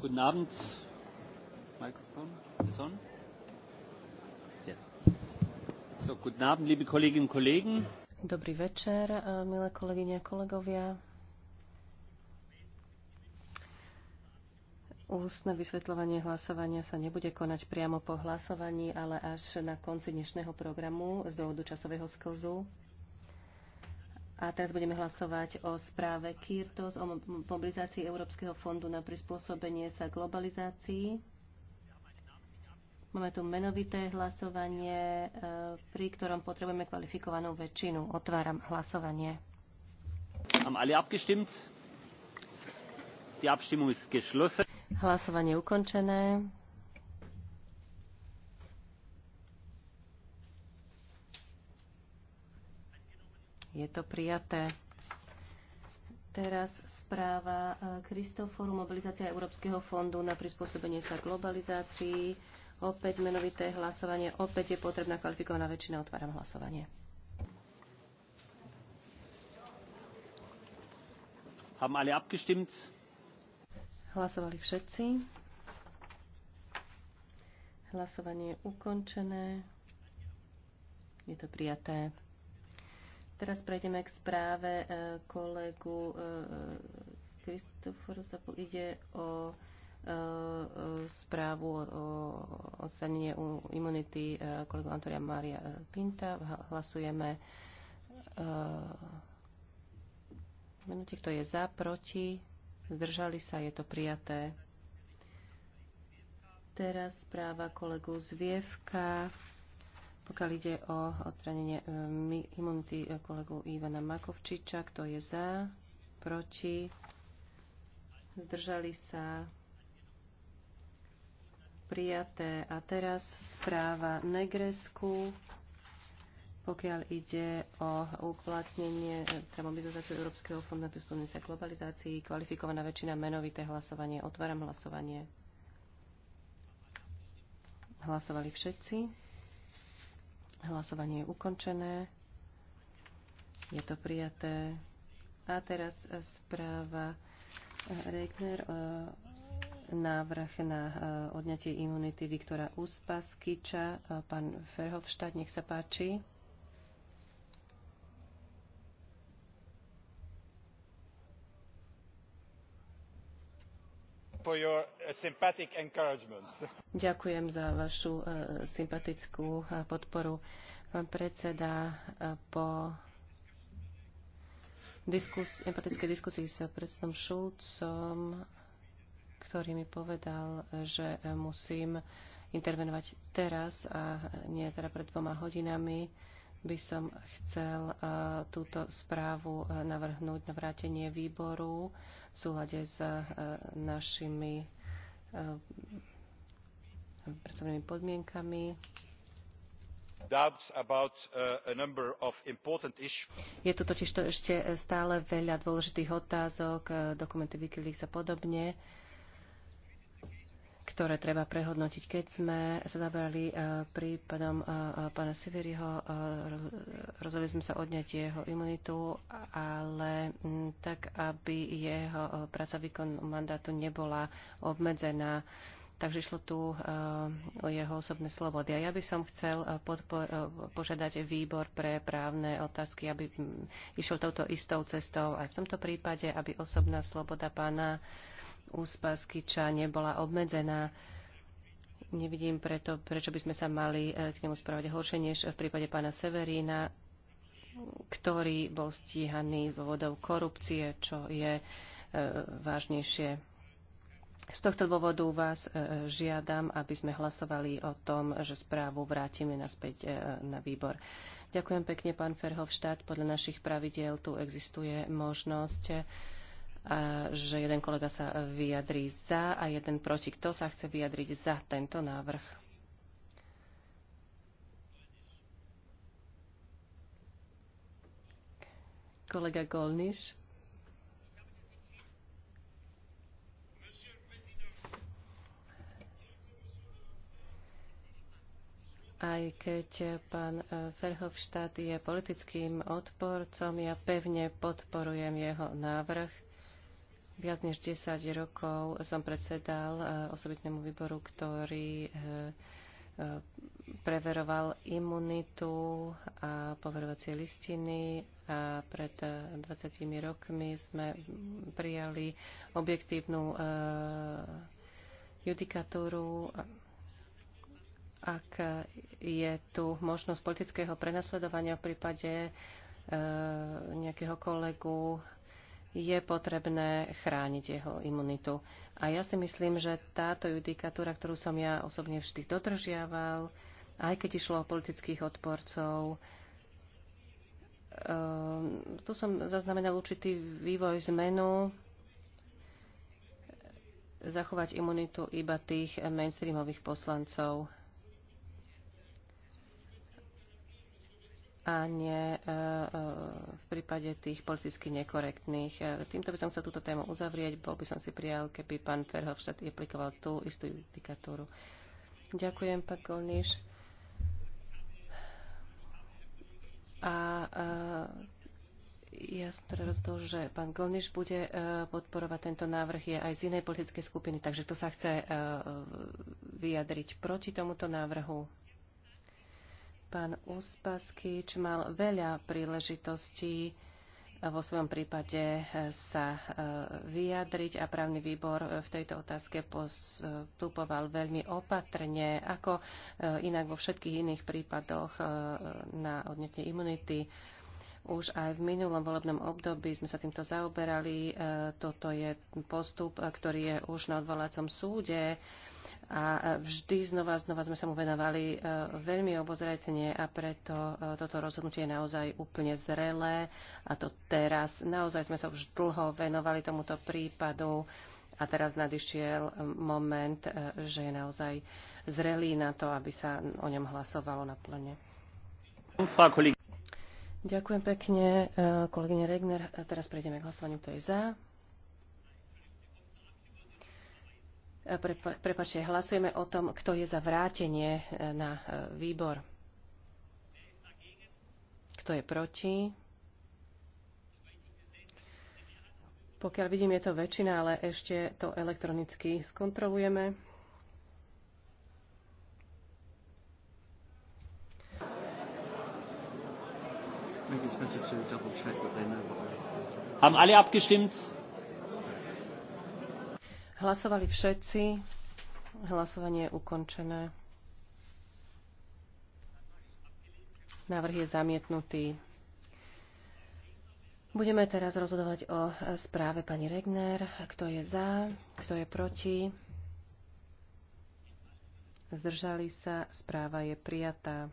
Guten Abend. Mikrofon on. So, guten Abend, liebe Kolleginnen und Kollegen. Dobrý večer, eh, milé kolegyne a kolegovia. Ústne vysvetľovanie hlasovania sa nebude konať priamo po hlasovaní, ale až na konci dnešného programu z dôvodu časového sklzu. A teraz budeme hlasovať o správe Kirtos, o mobilizácii Európskeho fondu na prispôsobenie sa globalizácii. Máme tu menovité hlasovanie, eh, pri ktorom potrebujeme kvalifikovanú väčšinu. Otváram hlasovanie. Hlasovanie ukončené. Je to prijaté. Teraz správa Kristoforu, e, mobilizácia Európskeho fondu na prispôsobenie sa globalizácii. Opäť menovité hlasovanie, opäť je potrebná kvalifikovaná väčšina. Otváram hlasovanie. Haben alle abgestimmt? Hlasovali všetci. Hlasovanie je ukončené. Je to prijaté. Teraz prejdeme k správe e, kolegu e, e, Kristoforusa. Ide o správu o odstranenie imunity kolegu Antonia Maria Pinta. Hlasujeme minúte, kto je za, proti, zdržali sa, je to prijaté. Teraz správa kolegu Zvievka. Pokiaľ ide o odstranenie e, imunity e, kolegu Ivana Makovčiča, kto je za, proti, zdržali sa, prijaté. A teraz správa Negresku, pokiaľ ide o uplatnenie, e, teda Európskeho fondu na prispôsobenie sa globalizácii, kvalifikovaná väčšina menovité hlasovanie. Otváram hlasovanie. Hlasovali všetci. Hlasovanie je ukončené. Je to prijaté. A teraz správa eh, Regner eh, návrh na eh, odňatie imunity Viktora Uspaskyča. Pán Ferhovštát, nech sa páči. Uh, Ďakujem za vašu uh, sympatickú uh, podporu. Pán predseda, po diskus, empatickej diskusii s predsedom Šulcom, ktorý mi povedal, že musím intervenovať teraz a nie teda pred dvoma hodinami, by som chcel e, túto správu e, navrhnúť na vrátenie výboru v súlade s e, našimi pracovnými podmienkami. About Je tu totiž to ešte stále veľa dôležitých otázok, dokumenty Wikileaks a podobne ktoré treba prehodnotiť. Keď sme sa zabrali e, prípadom e, e, pána Siveriho, rozhodli sme sa odňať jeho imunitu, ale tak, aby jeho práca výkon mandátu nebola obmedzená. Takže išlo tu o jeho osobné slobody. A ja by som chcel požiadať výbor pre právne otázky, aby išiel touto istou cestou aj v tomto prípade, aby osobná sloboda pána úspaskyča nebola obmedzená. Nevidím preto, prečo by sme sa mali e, k nemu správať horšie než v prípade pána Severína, ktorý bol stíhaný z dôvodov korupcie, čo je e, vážnejšie. Z tohto dôvodu vás e, žiadam, aby sme hlasovali o tom, že správu vrátime naspäť na výbor. Ďakujem pekne, pán Ferhovštát. Podľa našich pravidiel tu existuje možnosť že jeden kolega sa vyjadrí za a jeden proti. Kto sa chce vyjadriť za tento návrh? Kolega Golniš. aj keď pán e, Verhofstadt je politickým odporcom, ja pevne podporujem jeho návrh Viac než 10 rokov som predsedal e, osobitnému výboru, ktorý e, e, preveroval imunitu a poverovacie listiny a pred 20 rokmi sme prijali objektívnu judikatúru ak je tu možnosť politického prenasledovania v prípade nejakého kolegu je potrebné chrániť jeho imunitu. A ja si myslím, že táto judikatúra, ktorú som ja osobne vždy dodržiaval, aj keď išlo o politických odporcov, ehm, tu som zaznamenal určitý vývoj zmenu zachovať imunitu iba tých mainstreamových poslancov. a nie e, e, v prípade tých politicky nekorektných. E, týmto by som chcel túto tému uzavrieť. Bol by som si prijal, keby pán Ferhofštát aplikoval tú istú judikatúru. Ďakujem, pán Kolniš. A, a ja som teda rozhodol, že pán Golniš bude podporovať tento návrh je aj z inej politickej skupiny, takže kto sa chce vyjadriť proti tomuto návrhu, Pán Uspaskyč mal veľa príležitostí vo svojom prípade eh, sa eh, vyjadriť a právny výbor eh, v tejto otázke postupoval veľmi opatrne, ako inak vo všetkých iných prípadoch na odnetie imunity. Už aj v minulom volebnom období sme sa týmto zaoberali. Toto je postup, ktorý je už na odvolacom súde a vždy znova a znova sme sa mu venovali e, veľmi obozretne a preto e, toto rozhodnutie je naozaj úplne zrelé a to teraz. Naozaj sme sa už dlho venovali tomuto prípadu a teraz nadišiel moment, e, že je naozaj zrelý na to, aby sa o ňom hlasovalo na plne. Ďakujem pekne, kolegyne Regner. teraz prejdeme k hlasovaniu, kto je za. Prepa, prepačte, hlasujeme o tom, kto je za vrátenie e, na e, výbor. Kto je proti? Pokiaľ vidím, je to väčšina, ale ešte to elektronicky skontrolujeme. Haben alle abgestimmt? Hlasovali všetci. Hlasovanie je ukončené. Návrh je zamietnutý. Budeme teraz rozhodovať o správe pani Regner. Kto je za, kto je proti. Zdržali sa. Správa je prijatá.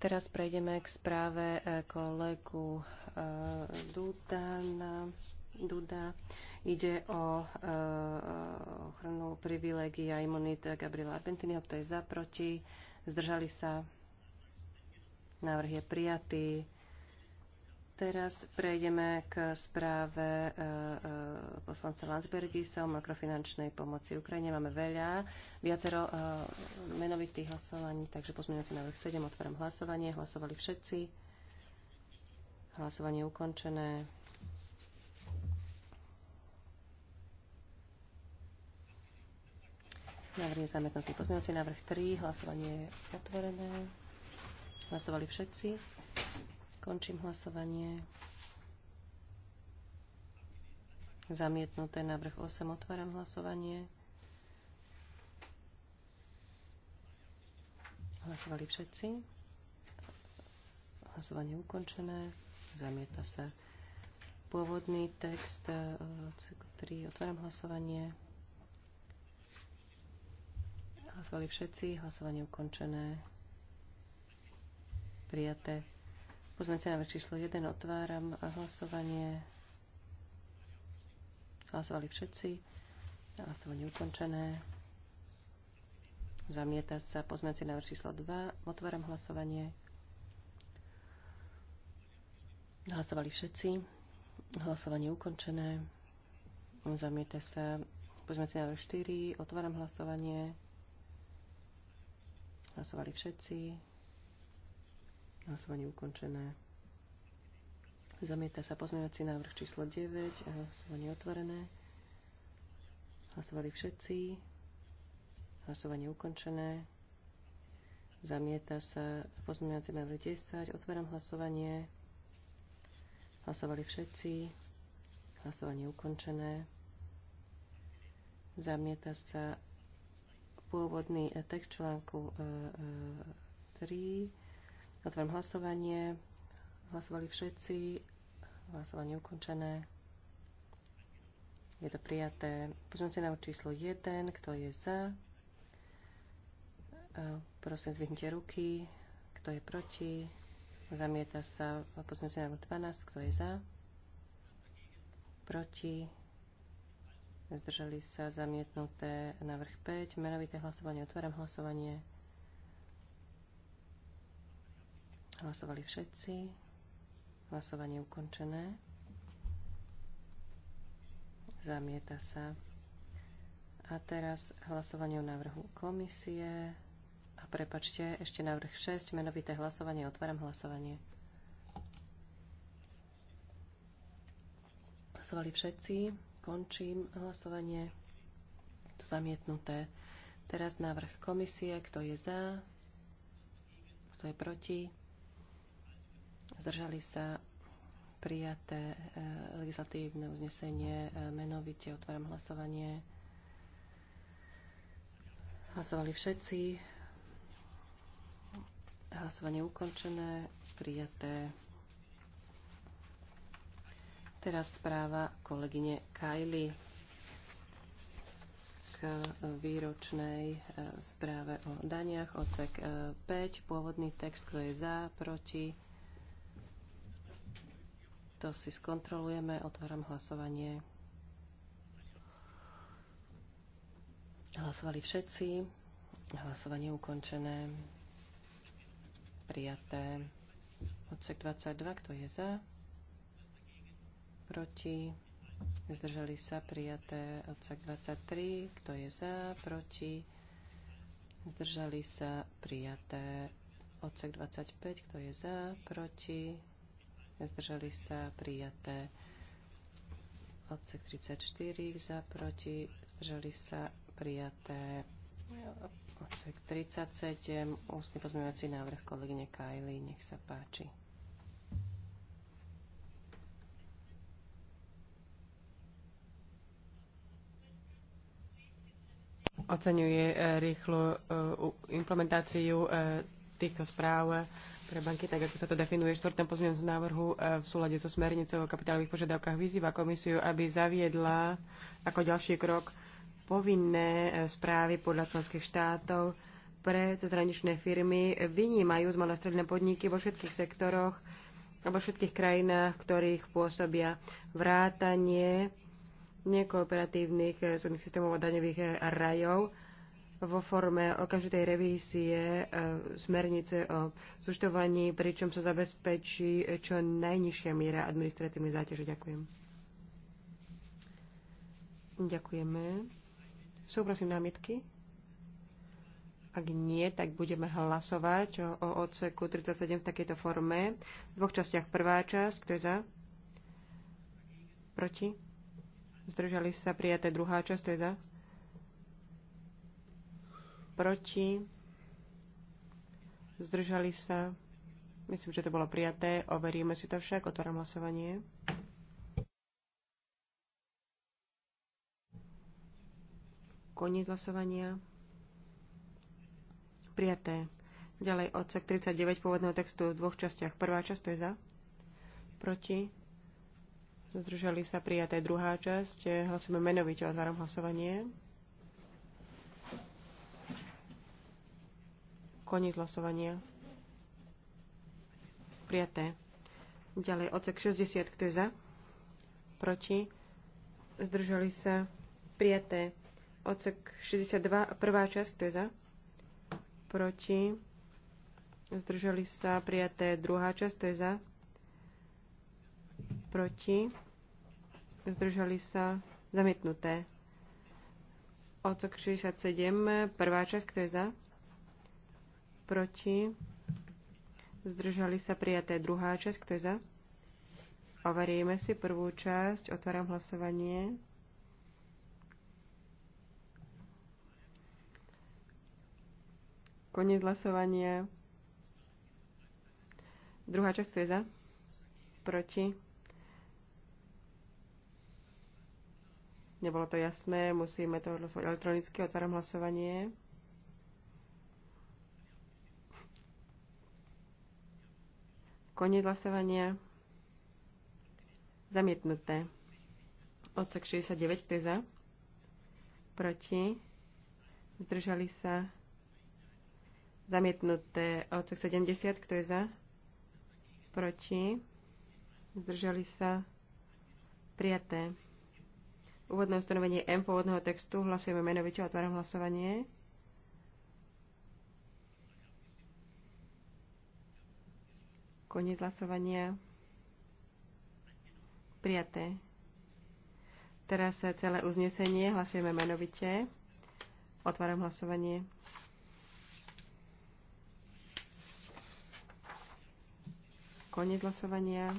Teraz prejdeme k správe eh, kolegu eh, Dudana, Duda. Duda Ide o e, ochranu privilégia a imunity Gabriela Argentiniho, kto je za, proti. Zdržali sa. Návrh je prijatý. Teraz prejdeme k správe e, e, poslanca Landsbergisa o makrofinančnej pomoci Ukrajine. Máme veľa, viacero menovitých hlasovaní, takže pozmeňujúci návrh 7, otváram hlasovanie. Hlasovali všetci. Hlasovanie ukončené. Návrh je zamietnutý. Pozmeňovací návrh 3. Hlasovanie je otvorené. Hlasovali všetci. Končím hlasovanie. Zamietnuté návrh 8. Otváram hlasovanie. Hlasovali všetci. Hlasovanie ukončené. Zamieta sa pôvodný text 3. Eh, Otváram hlasovanie. Hlasovali všetci. Hlasovanie ukončené. Prijaté. Pozmeňte návrh číslo 1. Otváram hlasovanie. Hlasovali všetci. Hlasovanie ukončené. Zamieta sa pozmeňte návrh číslo 2. Otváram hlasovanie. Hlasovali všetci. Hlasovanie ukončené. Zamieta sa pozmeňte návrh 4. Otváram hlasovanie. Hlasovali všetci. Hlasovanie ukončené. Zamieta sa pozmeňovací návrh číslo 9. Hlasovanie otvorené. Hlasovali všetci. Hlasovanie ukončené. Zamieta sa pozmeňovací návrh 10. Otváram hlasovanie. Hlasovali všetci. Hlasovanie ukončené. Zamieta sa pôvodný e, text článku 3. E, e, Otvorím hlasovanie. Hlasovali všetci. Hlasovanie ukončené. Je to prijaté. si na číslo 1. Kto je za? Prosím, zvihnite ruky. Kto je proti? Zamieta sa. si na 12. Kto je za? Proti? zdržali sa zamietnuté návrh 5, menovité hlasovanie, otváram hlasovanie. Hlasovali všetci. Hlasovanie ukončené. Zamieta sa. A teraz hlasovanie o návrhu komisie. A prepačte, ešte návrh 6, menovité hlasovanie, otváram hlasovanie. Hlasovali všetci. Končím hlasovanie. To zamietnuté. Teraz návrh komisie. Kto je za? Kto je proti? Zdržali sa prijaté e, legislatívne uznesenie. E, menovite otváram hlasovanie. Hlasovali všetci. Hlasovanie ukončené. Prijaté. Teraz správa kolegyne Kajli k výročnej e, správe o daniach, odsek 5, e, pôvodný text, kto je za, proti. To si skontrolujeme, otváram hlasovanie. Hlasovali všetci. Hlasovanie ukončené. Prijaté. Odsek 22, kto je za? proti, zdržali sa prijaté odsek 23, kto je za, proti, zdržali sa prijaté odsek 25, kto je za, proti, zdržali sa prijaté odsek 34, za, proti, zdržali sa prijaté odsek 37, ústny pozmeňovací návrh kolegyne Kajly, nech sa páči. oceňuje e, rýchlu e, implementáciu e, týchto správ pre banky, tak ako sa to definuje v štvrtom z návrhu v súlade so smernicou o kapitálových požiadavkách vyzýva komisiu, aby zaviedla ako ďalší krok povinné správy podľa členských štátov pre zahraničné firmy vynímajú z malé stredné podniky vo všetkých sektoroch a vo všetkých krajinách, ktorých pôsobia vrátanie nekooperatívnych eh, súdnych systémov a daňových eh, rajov vo forme okamžitej revízie eh, smernice o zúčtovaní, pričom sa zabezpečí čo najnižšia miera administratívnej záťaže. Ďakujem. Ďakujeme. Sú prosím námietky? Ak nie, tak budeme hlasovať o, odseku 37 v takejto forme. V dvoch častiach. Prvá časť, kto je za? Proti? Zdržali sa prijaté druhá časť, to je za. Proti. Zdržali sa. Myslím, že to bolo prijaté. Overíme si to však. Otváram hlasovanie. Koniec hlasovania. Prijaté. Ďalej odsek 39 pôvodného textu v dvoch častiach. Prvá časť to je za. Proti Zdržali sa prijaté druhá časť. Hlasujeme menovite. zvarom hlasovanie. Koniec hlasovania. Prijaté. Ďalej odsek 60. Kto je za? Proti? Zdržali sa. Prijaté. Odsek 62. Prvá časť. Kto je za? Proti? Zdržali sa. Prijaté. Druhá časť. Kto je za? proti, zdržali sa, zamietnuté. Odsok 67, prvá časť, kto je za, proti, zdržali sa, prijaté druhá časť, kto je za. Overíme si prvú časť, otváram hlasovanie. Koniec hlasovania. Druhá časť, kto je za? Proti Nebolo to jasné, musíme to hlasovať elektronicky, otváram hlasovanie. Koniec hlasovania. Zamietnuté. Odsek 69, kto je za? Proti? Zdržali sa? Zamietnuté. Odsek 70, kto je za? Proti? Zdržali sa? Prijaté. Úvodné ustanovenie M pôvodného textu. Hlasujeme menovite. tvarom hlasovanie. Koniec hlasovania. Prijaté. Teraz celé uznesenie. Hlasujeme menovite. Otváram hlasovanie. Koniec hlasovania.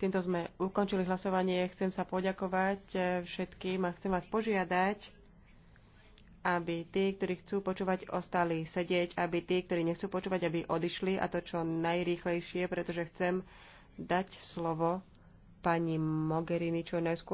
Týmto sme ukončili hlasovanie. Chcem sa poďakovať eh, všetkým a chcem vás požiadať, aby tí, ktorí chcú počúvať, ostali sedieť, aby tí, ktorí nechcú počúvať, aby odišli a to čo najrýchlejšie, pretože chcem dať slovo pani Mogherini čo najskôr.